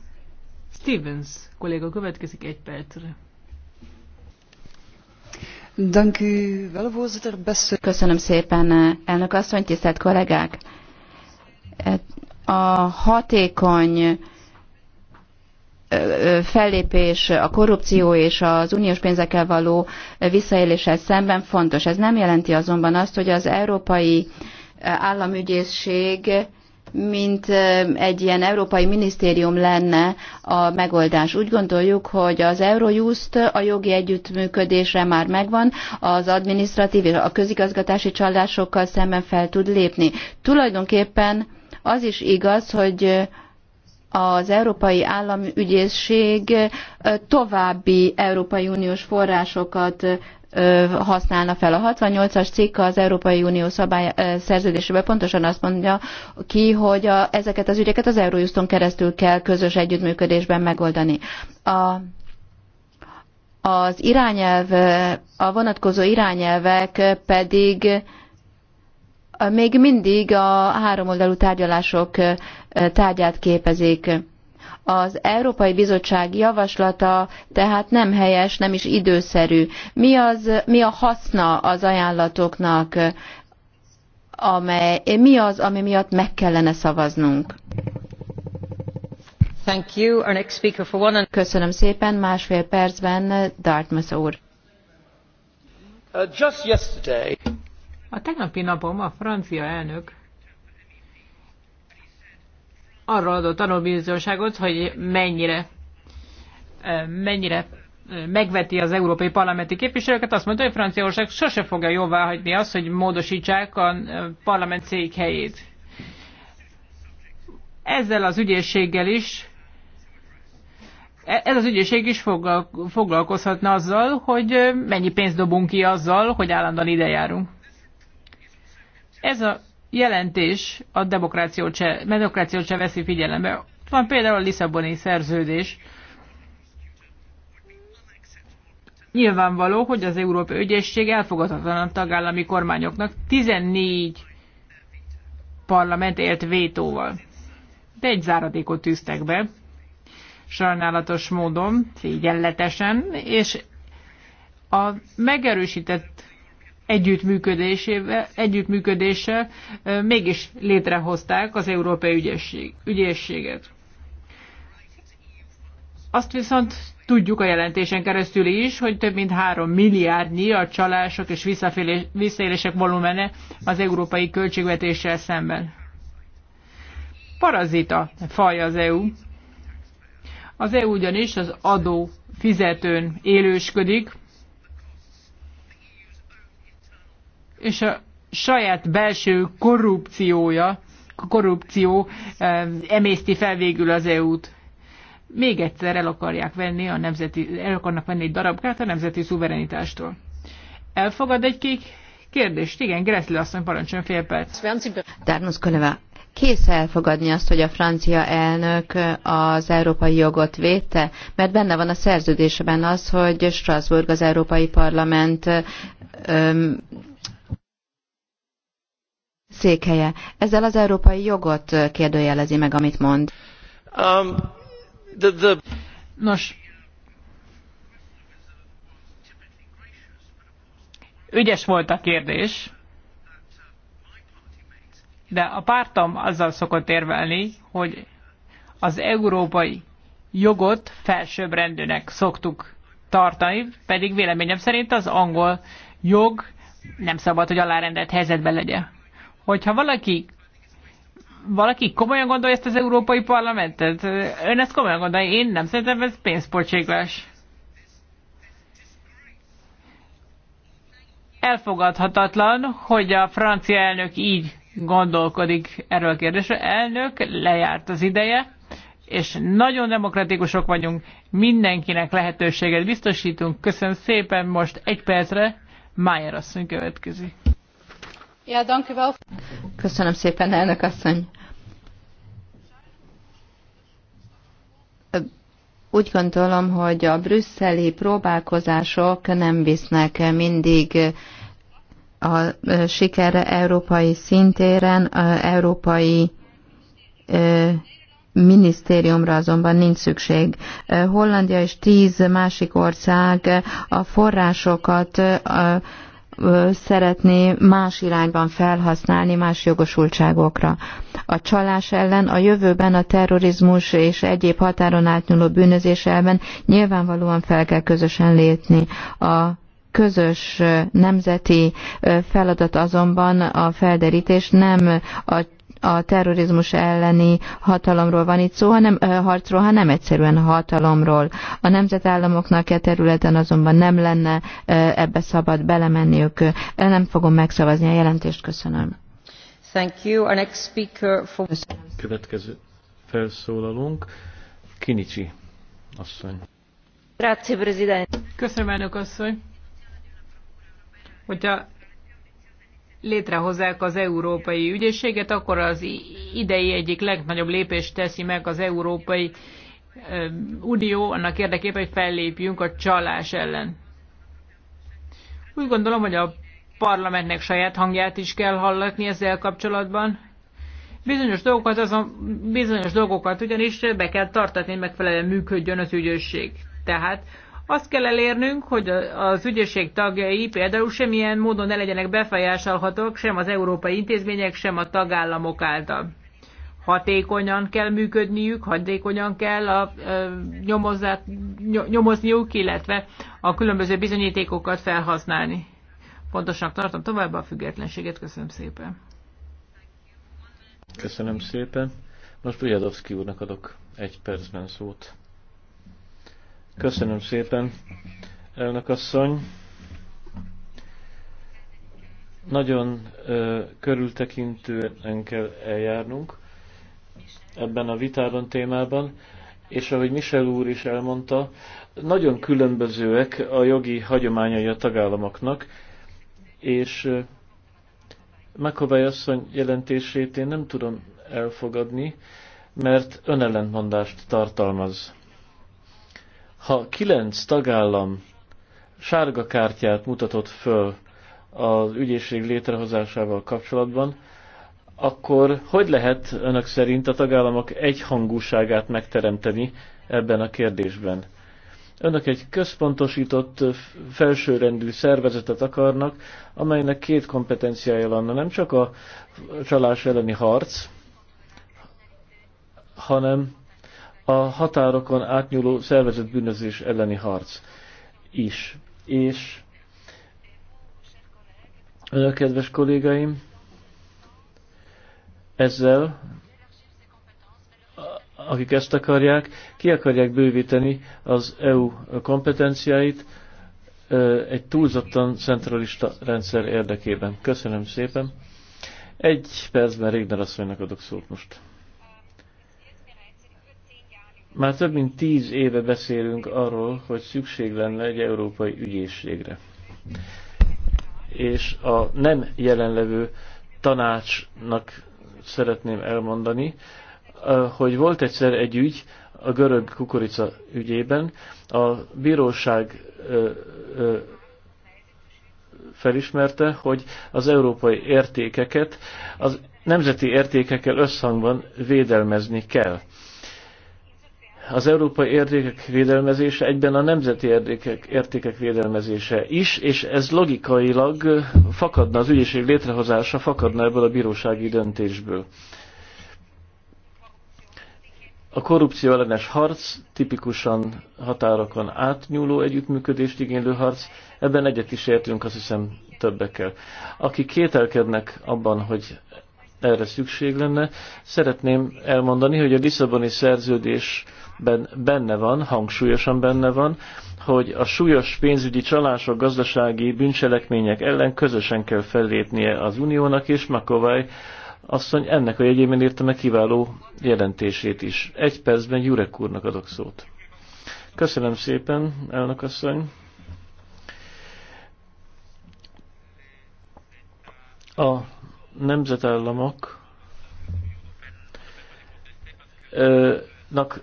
Stevens kolléga következik egy percre. Köszönöm szépen, elnök asszony, tisztelt kollégák! A hatékony fellépés a korrupció és az uniós pénzekkel való visszaéléssel szemben fontos. Ez nem jelenti azonban azt, hogy az európai államügyészség mint egy ilyen európai minisztérium lenne a megoldás. Úgy gondoljuk, hogy az Eurojust a jogi együttműködésre már megvan, az administratív és a közigazgatási csalásokkal szemben fel tud lépni. Tulajdonképpen az is igaz, hogy az Európai Államügyészség további Európai Uniós forrásokat használna fel. A 68-as cikk az Európai Unió szabály szerződésében pontosan azt mondja ki, hogy a, ezeket az ügyeket az Eurojuston keresztül kell közös együttműködésben megoldani. A az irányelv, a vonatkozó irányelvek pedig még mindig a háromoldalú tárgyalások tárgyát képezik. Az Európai Bizottság javaslata tehát nem helyes, nem is időszerű. Mi, az, mi a haszna az ajánlatoknak, amely, mi az, ami miatt meg kellene szavaznunk? Thank you. Our next speaker for one and... Köszönöm szépen, másfél percben Dartmouth úr. Uh, just yesterday... A tegnapi napom a francia elnök arról adott tanulbizonságot, hogy mennyire, mennyire megveti az európai parlamenti képviselőket, azt mondta, hogy Franciaország sose fogja jóvá hagyni azt, hogy módosítsák a parlament székhelyét. Ezzel az ügyészséggel is e, ez az ügyészség is foglalkozhatna azzal, hogy mennyi pénzt dobunk ki azzal, hogy állandóan ide járunk. Ez a jelentés a demokrációt se, veszi figyelembe. Van például a Lisszaboni szerződés. Nyilvánvaló, hogy az Európai Ügyészség elfogadhatatlan a tagállami kormányoknak. 14 parlament élt vétóval. De egy záradékot tűztek be, sajnálatos módon, szégyenletesen, és a megerősített együttműködésével, együttműködéssel mégis létrehozták az Európai Ügyesség, Ügyészséget. Azt viszont tudjuk a jelentésen keresztül is, hogy több mint három milliárdnyi a csalások és visszaélések volumene az európai költségvetéssel szemben. Parazita faj az EU. Az EU ugyanis az adó fizetőn élősködik, és a saját belső korrupciója, korrupció emészti fel végül az EU-t. Még egyszer el akarják venni a nemzeti, el akarnak venni egy darabkát a nemzeti szuverenitástól. Elfogad egy kék kérdést? Igen, Gressle asszony, parancsoljon fél perc. Darnusz kész elfogadni azt, hogy a francia elnök az európai jogot védte, mert benne van a szerződésben az, hogy Strasbourg az Európai Parlament öm, székhelye. Ezzel az európai jogot kérdőjelezi meg, amit mond. Um, the, the... Nos, ügyes volt a kérdés, de a pártom azzal szokott érvelni, hogy az európai jogot felsőbbrendűnek szoktuk tartani, pedig véleményem szerint az angol jog nem szabad, hogy alárendelt helyzetben legyen hogyha valaki valaki komolyan gondolja ezt az Európai Parlamentet? Ön ezt komolyan gondolja? Én nem szerintem ez pénzpocséglás. Elfogadhatatlan, hogy a francia elnök így gondolkodik erről a kérdésről. Elnök, lejárt az ideje, és nagyon demokratikusok vagyunk, mindenkinek lehetőséget biztosítunk. Köszönöm szépen, most egy percre Májer asszony következik. Ja, dank u wel. Köszönöm szépen, elnök asszony. Úgy gondolom, hogy a brüsszeli próbálkozások nem visznek mindig a sikerre európai szintéren, a európai minisztériumra azonban nincs szükség. Hollandia és tíz másik ország a forrásokat a szeretné más irányban felhasználni más jogosultságokra. A csalás ellen, a jövőben a terrorizmus és egyéb határon átnyúló bűnözés ellen nyilvánvalóan fel kell közösen lépni. A közös nemzeti feladat azonban a felderítés nem a a terrorizmus elleni hatalomról van itt szó, hanem harcról, hanem egyszerűen a hatalomról. A nemzetállamoknak e területen azonban nem lenne ebbe szabad belemenniük. Nem fogom megszavazni a jelentést. Köszönöm. Thank you. Our next speaker for... Következő felszólalunk. Kinicsi asszony. Grazie, Presidente. Köszönöm, elnök asszony. Hogyha létrehozzák az Európai Ügyészséget, akkor az idei egyik legnagyobb lépést teszi meg az Európai Unió annak érdekében, hogy fellépjünk a csalás ellen. Úgy gondolom, hogy a parlamentnek saját hangját is kell hallatni ezzel kapcsolatban. Bizonyos dolgokat, azon, bizonyos dolgokat ugyanis be kell tartatni, megfelelően működjön az ügyösség. Tehát azt kell elérnünk, hogy az ügyesség tagjai például semmilyen módon ne legyenek befolyásolhatók sem az európai intézmények, sem a tagállamok által. Hatékonyan kell működniük, hatékonyan kell a, nyomozát, nyomozniuk, illetve a különböző bizonyítékokat felhasználni. Pontosnak tartom továbbá a függetlenséget. Köszönöm szépen. Köszönöm szépen. Most Ujadovszki úrnak adok egy percben szót. Köszönöm szépen, elnök asszony. Nagyon ö, körültekintően kell eljárnunk ebben a vitában, témában, és ahogy Michel úr is elmondta, nagyon különbözőek a jogi hagyományai a tagállamoknak, és McAvoy asszony jelentését én nem tudom elfogadni, mert önellentmondást tartalmaz. Ha kilenc tagállam sárga kártyát mutatott föl az ügyészség létrehozásával kapcsolatban, akkor hogy lehet önök szerint a tagállamok egyhangúságát megteremteni ebben a kérdésben? Önök egy központosított felsőrendű szervezetet akarnak, amelynek két kompetenciája lenne, nem csak a csalás elleni harc, hanem a határokon átnyúló szervezett bűnözés elleni harc is. És önök, kedves kollégáim, ezzel, akik ezt akarják, ki akarják bővíteni az EU kompetenciáit egy túlzottan centralista rendszer érdekében. Köszönöm szépen. Egy percben Régner asszonynak adok szót most. Már több mint tíz éve beszélünk arról, hogy szükség lenne egy európai ügyészségre. És a nem jelenlevő tanácsnak szeretném elmondani, hogy volt egyszer egy ügy a görög kukorica ügyében, a bíróság felismerte, hogy az európai értékeket az nemzeti értékekkel összhangban védelmezni kell az európai értékek védelmezése egyben a nemzeti értékek, értékek védelmezése is, és ez logikailag fakadna, az ügyészség létrehozása fakadna ebből a bírósági döntésből. A korrupció ellenes harc tipikusan határokon átnyúló együttműködést igénylő harc, ebben egyet is értünk azt hiszem többekkel. Akik kételkednek abban, hogy erre szükség lenne. Szeretném elmondani, hogy a Lisszaboni szerződésben benne van, hangsúlyosan benne van, hogy a súlyos pénzügyi csalások, gazdasági bűncselekmények ellen közösen kell fellépnie az uniónak, és McAvoy asszony ennek a jegyében írta meg kiváló jelentését is. Egy percben Jurek úrnak adok szót. Köszönöm szépen, elnök asszony. A nemzetállamoknak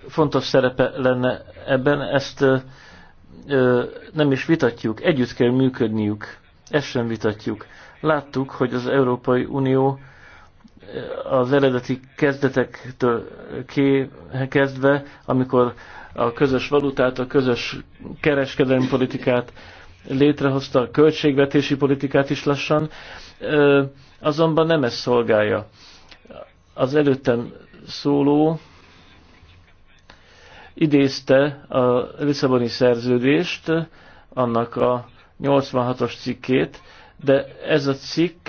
fontos szerepe lenne ebben, ezt nem is vitatjuk, együtt kell működniük, ezt sem vitatjuk. Láttuk, hogy az Európai Unió az eredeti kezdetektől kezdve, amikor a közös valutát, a közös kereskedelmi politikát létrehozta, a költségvetési politikát is lassan, Azonban nem ez szolgálja. Az előttem szóló idézte a Lisszaboni szerződést, annak a 86-os cikkét, de ez a cikk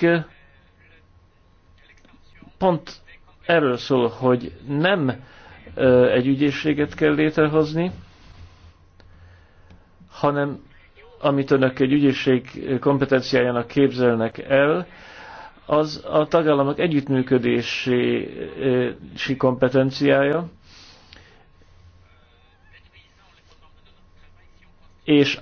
pont erről szól, hogy nem egy ügyészséget kell létrehozni, hanem amit önök egy ügyészség kompetenciájának képzelnek el, az a tagállamok együttműködési kompetenciája, és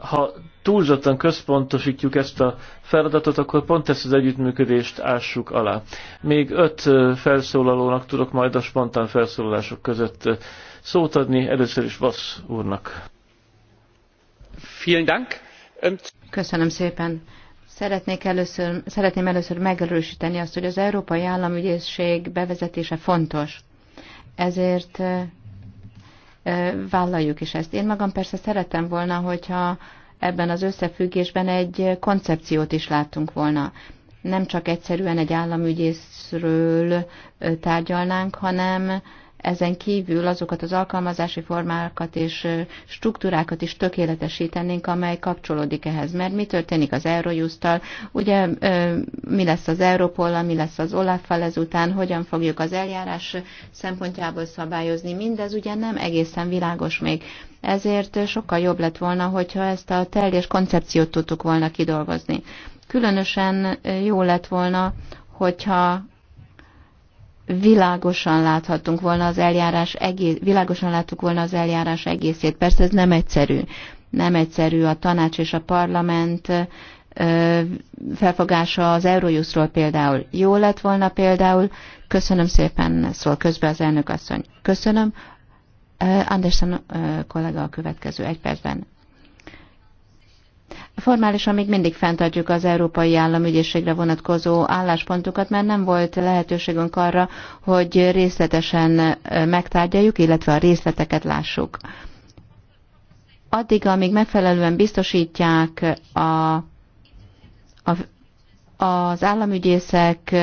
ha túlzottan központosítjuk ezt a feladatot, akkor pont ezt az együttműködést ássuk alá. Még öt felszólalónak tudok majd a spontán felszólalások között szót adni, először is Vasz úrnak. Vielen Dank. Köszönöm szépen. Szeretnék először, szeretném először megerősíteni azt, hogy az Európai Államügyészség bevezetése fontos. Ezért vállaljuk is ezt. Én magam persze szerettem volna, hogyha ebben az összefüggésben egy koncepciót is láttunk volna. Nem csak egyszerűen egy államügyészről tárgyalnánk, hanem ezen kívül azokat az alkalmazási formákat és struktúrákat is tökéletesítenénk, amely kapcsolódik ehhez. Mert mi történik az Eurojust-tal, ugye mi lesz az Europollal, mi lesz az Olaf-fal ezután, hogyan fogjuk az eljárás szempontjából szabályozni, mindez ugye nem egészen világos még. Ezért sokkal jobb lett volna, hogyha ezt a teljes koncepciót tudtuk volna kidolgozni. Különösen jó lett volna, hogyha világosan láthatunk volna az eljárás egész, világosan láttuk volna az eljárás egészét. Persze ez nem egyszerű. Nem egyszerű a tanács és a parlament felfogása az Eurojustról például. Jó lett volna például, köszönöm szépen, szól közben az elnök asszony. Köszönöm. Andersen kollega a következő egy percben. Formálisan még mindig fenntartjuk az Európai Államügyészségre vonatkozó álláspontokat, mert nem volt lehetőségünk arra, hogy részletesen megtárgyaljuk, illetve a részleteket lássuk. Addig, amíg megfelelően biztosítják a, a, az államügyészek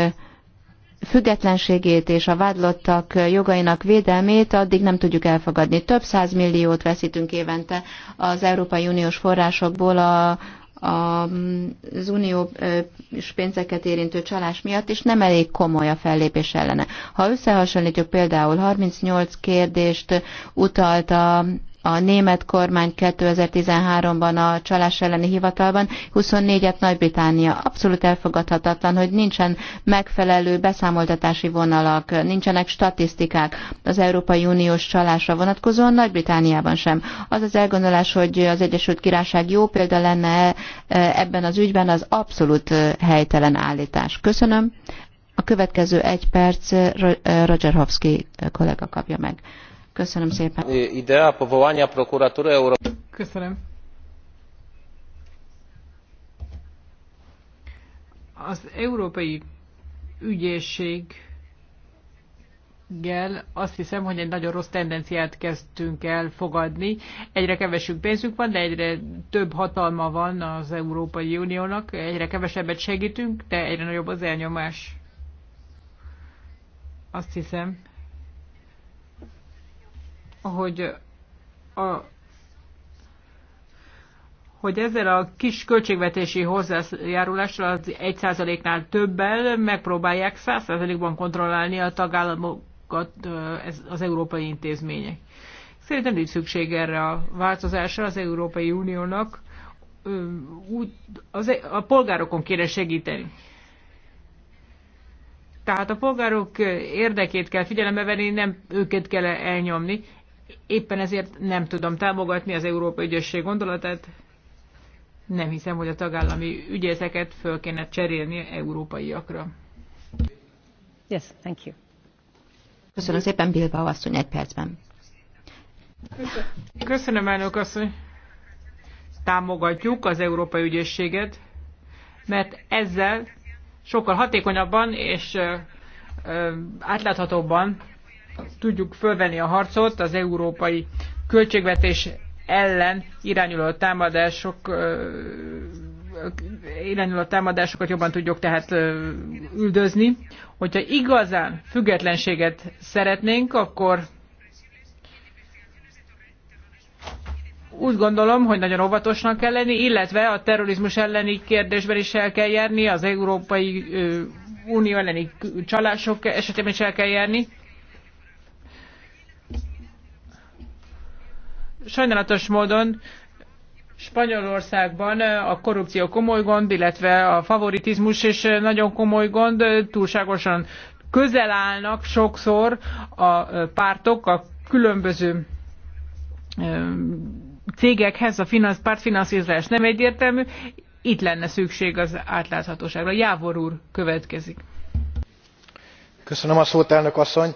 függetlenségét és a vádlottak jogainak védelmét addig nem tudjuk elfogadni. Több száz milliót veszítünk évente az Európai Uniós forrásokból a, a, az uniós pénzeket érintő csalás miatt, és nem elég komoly a fellépés ellene. Ha összehasonlítjuk például 38 kérdést utalt a, a német kormány 2013-ban a csalás elleni hivatalban, 24-et Nagy-Británia. Abszolút elfogadhatatlan, hogy nincsen megfelelő beszámoltatási vonalak, nincsenek statisztikák az Európai Uniós csalásra vonatkozóan, Nagy-Britániában sem. Az az elgondolás, hogy az Egyesült Királyság jó példa lenne e, ebben az ügyben, az abszolút e, helytelen állítás. Köszönöm. A következő egy perc Roger Hofsky kollega kapja meg. Köszönöm szépen. E idea powołania prokuratury Európai. Köszönöm. Az Európai Ügyészséggel azt hiszem, hogy egy nagyon rossz tendenciát kezdtünk el fogadni. Egyre kevesebb pénzünk van, de egyre több hatalma van az Európai Uniónak. Egyre kevesebbet segítünk, de egyre nagyobb az elnyomás. Azt hiszem, hogy a hogy ezzel a kis költségvetési hozzájárulással az 1%-nál többel megpróbálják 100%-ban kontrollálni a tagállamokat az európai intézmények. Szerintem nincs szükség erre a változásra az Európai Uniónak. Úgy, az, e, a polgárokon kéne segíteni. Tehát a polgárok érdekét kell figyelembe venni, nem őket kell elnyomni. Éppen ezért nem tudom támogatni az Európai Ügyesség gondolatát. Nem hiszem, hogy a tagállami ügyészeket föl kéne cserélni európaiakra. Yes, thank you. Köszönöm szépen, Bilbao asszony, egy percben. Köszönöm, Köszönöm elnök asszony. Támogatjuk az Európai Ügyészséget, mert ezzel sokkal hatékonyabban és átláthatóbban tudjuk fölvenni a harcot az európai költségvetés ellen irányuló támadások irányuló támadásokat jobban tudjuk tehát üldözni. Hogyha igazán függetlenséget szeretnénk, akkor úgy gondolom, hogy nagyon óvatosnak kell lenni, illetve a terrorizmus elleni kérdésben is el kell járni, az Európai Unió elleni csalások esetében is el kell járni. Sajnálatos módon Spanyolországban a korrupció komoly gond, illetve a favoritizmus is nagyon komoly gond, túlságosan közel állnak sokszor a pártok a különböző cégekhez a finansz, pártfinanszírozás nem egyértelmű, itt lenne szükség az átláthatóságra. Jávor úr következik. Köszönöm a szót, elnök asszony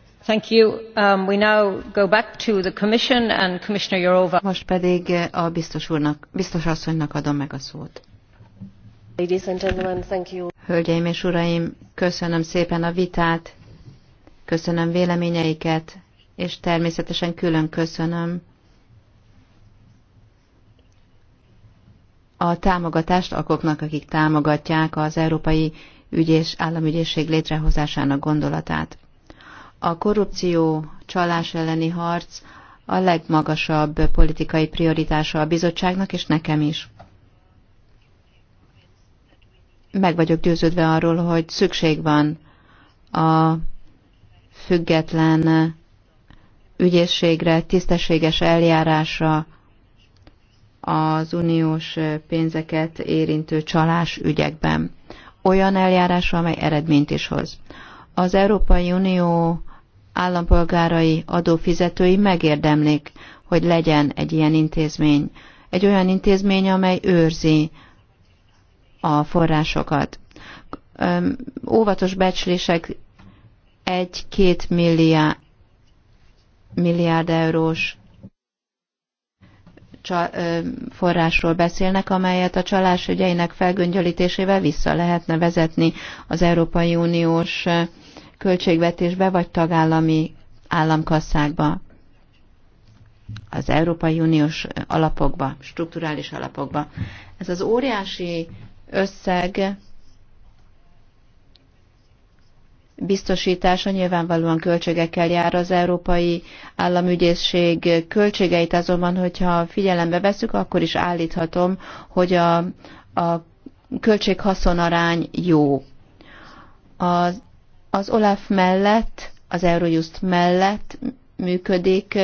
Most pedig a biztos, asszonynak adom meg a szót. Hölgyeim és uraim, köszönöm szépen a vitát, köszönöm véleményeiket, és természetesen külön köszönöm a támogatást akoknak, akik támogatják az Európai Ügyés Államügyészség létrehozásának gondolatát a korrupció csalás elleni harc a legmagasabb politikai prioritása a bizottságnak, és nekem is. Meg vagyok győződve arról, hogy szükség van a független ügyészségre, tisztességes eljárásra az uniós pénzeket érintő csalás ügyekben. Olyan eljárásra, amely eredményt is hoz. Az Európai Unió állampolgárai, adófizetői megérdemlik, hogy legyen egy ilyen intézmény. Egy olyan intézmény, amely őrzi a forrásokat. Óvatos becslések 1-2 milliárd, milliárd eurós forrásról beszélnek, amelyet a csalás ügyeinek felgöngyölítésével vissza lehetne vezetni az Európai Uniós költségvetésbe vagy tagállami államkasszákba, az Európai Uniós alapokba, strukturális alapokba. Ez az óriási összeg biztosítása nyilvánvalóan költségekkel jár az Európai Államügyészség költségeit, azonban, hogyha figyelembe veszük, akkor is állíthatom, hogy a, a költséghaszonarány jó. Az az OLAF mellett, az Eurojust mellett működik,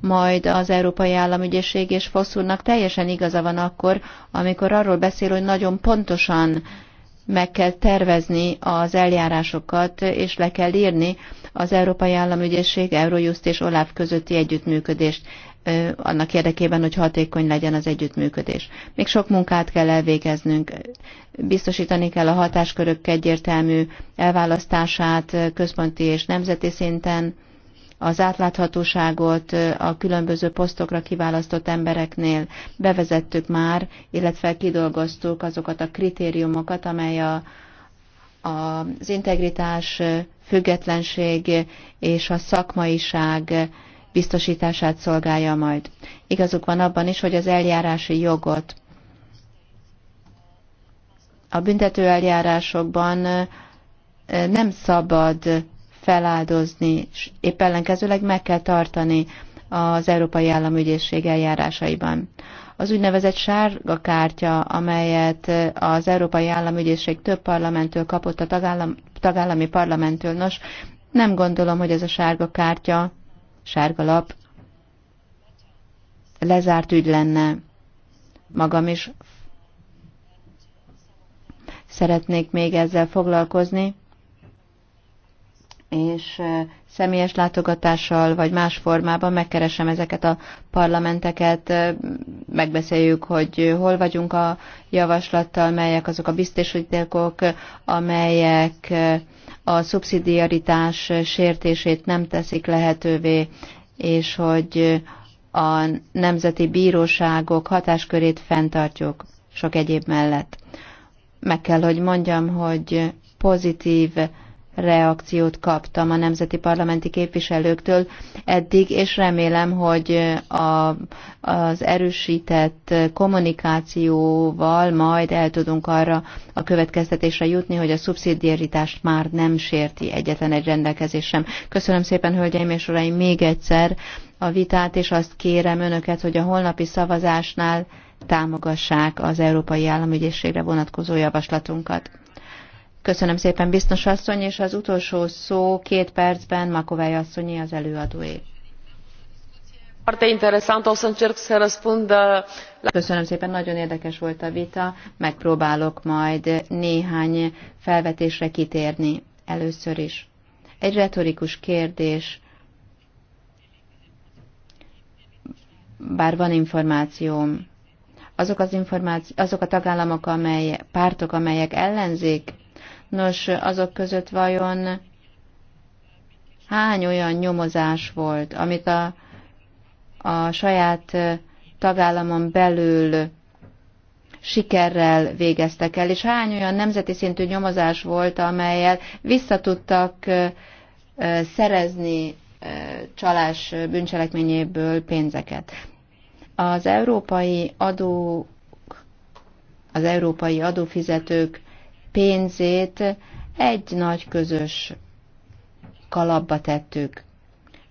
majd az Európai Államügyészség és Fosszúrnak teljesen igaza van akkor, amikor arról beszél, hogy nagyon pontosan meg kell tervezni az eljárásokat, és le kell írni az Európai Államügyészség, Eurojust és OLAF közötti együttműködést annak érdekében, hogy hatékony legyen az együttműködés. Még sok munkát kell elvégeznünk, biztosítani kell a hatáskörök egyértelmű elválasztását központi és nemzeti szinten, az átláthatóságot a különböző posztokra kiválasztott embereknél bevezettük már, illetve kidolgoztuk azokat a kritériumokat, amely a, az integritás, függetlenség és a szakmaiság biztosítását szolgálja majd. Igazuk van abban is, hogy az eljárási jogot a büntető eljárásokban nem szabad feláldozni, és épp ellenkezőleg meg kell tartani az Európai Államügyészség eljárásaiban. Az úgynevezett sárga kártya, amelyet az Európai Államügyészség több parlamenttől kapott a tagállam, tagállami parlamenttől, nos, nem gondolom, hogy ez a sárga kártya sárga lap lezárt ügy lenne. Magam is szeretnék még ezzel foglalkozni, és személyes látogatással vagy más formában megkeresem ezeket a parlamenteket, megbeszéljük, hogy hol vagyunk a javaslattal, melyek azok a biztosítékok, amelyek a szubszidiaritás sértését nem teszik lehetővé, és hogy a nemzeti bíróságok hatáskörét fenntartjuk sok egyéb mellett. Meg kell, hogy mondjam, hogy pozitív reakciót kaptam a nemzeti parlamenti képviselőktől eddig, és remélem, hogy a, az erősített kommunikációval majd el tudunk arra a következtetésre jutni, hogy a szubszidiaritást már nem sérti egyetlen egy rendelkezés sem. Köszönöm szépen, hölgyeim és uraim, még egyszer a vitát, és azt kérem önöket, hogy a holnapi szavazásnál támogassák az Európai Államügyészségre vonatkozó javaslatunkat. Köszönöm szépen, biztos asszony, és az utolsó szó két percben Makovály asszonyi az előadóé. Uh, Köszönöm szépen, nagyon érdekes volt a vita, megpróbálok majd néhány felvetésre kitérni először is. Egy retorikus kérdés, bár van információm, azok, az információ, azok a tagállamok, amely, pártok, amelyek ellenzék Nos, azok között vajon hány olyan nyomozás volt, amit a, a saját tagállamon belül sikerrel végeztek el, és hány olyan nemzeti szintű nyomozás volt, amelyel visszatudtak szerezni csalás bűncselekményéből pénzeket. Az európai adók, az európai adófizetők pénzét egy nagy közös kalapba tettük.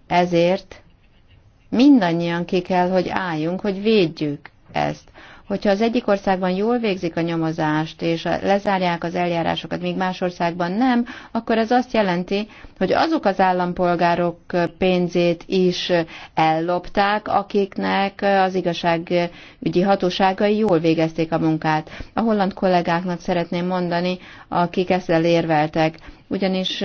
Ezért mindannyian ki kell, hogy álljunk, hogy védjük ezt. Hogyha az egyik országban jól végzik a nyomozást, és lezárják az eljárásokat, míg más országban nem, akkor ez azt jelenti, hogy azok az állampolgárok pénzét is ellopták, akiknek az igazságügyi hatóságai jól végezték a munkát. A holland kollégáknak szeretném mondani, akik ezzel érveltek, ugyanis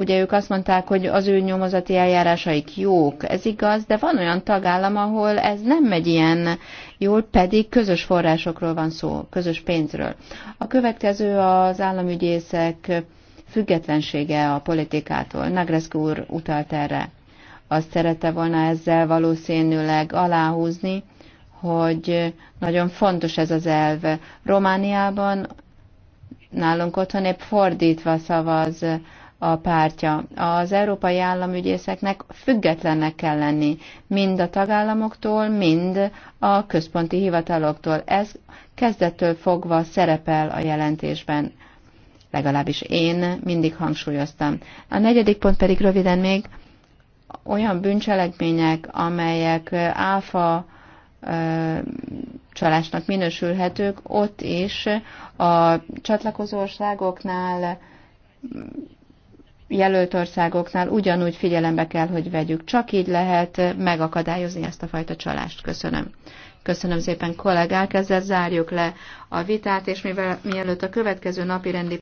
Ugye ők azt mondták, hogy az ő nyomozati eljárásaik jók, ez igaz, de van olyan tagállam, ahol ez nem megy ilyen jól, pedig közös forrásokról van szó, közös pénzről. A következő az államügyészek függetlensége a politikától. Nagreszk úr utalt erre. Azt szerette volna ezzel valószínűleg aláhúzni, hogy nagyon fontos ez az elv. Romániában nálunk otthon épp fordítva szavaz a pártja. Az európai államügyészeknek függetlennek kell lenni, mind a tagállamoktól, mind a központi hivataloktól. Ez kezdettől fogva szerepel a jelentésben. Legalábbis én mindig hangsúlyoztam. A negyedik pont pedig röviden még olyan bűncselekmények, amelyek áfa csalásnak minősülhetők, ott is a csatlakozó országoknál jelölt országoknál ugyanúgy figyelembe kell, hogy vegyük. Csak így lehet megakadályozni ezt a fajta csalást. Köszönöm. Köszönöm szépen kollégák, ezzel zárjuk le a vitát, és mivel mielőtt a következő napi rendi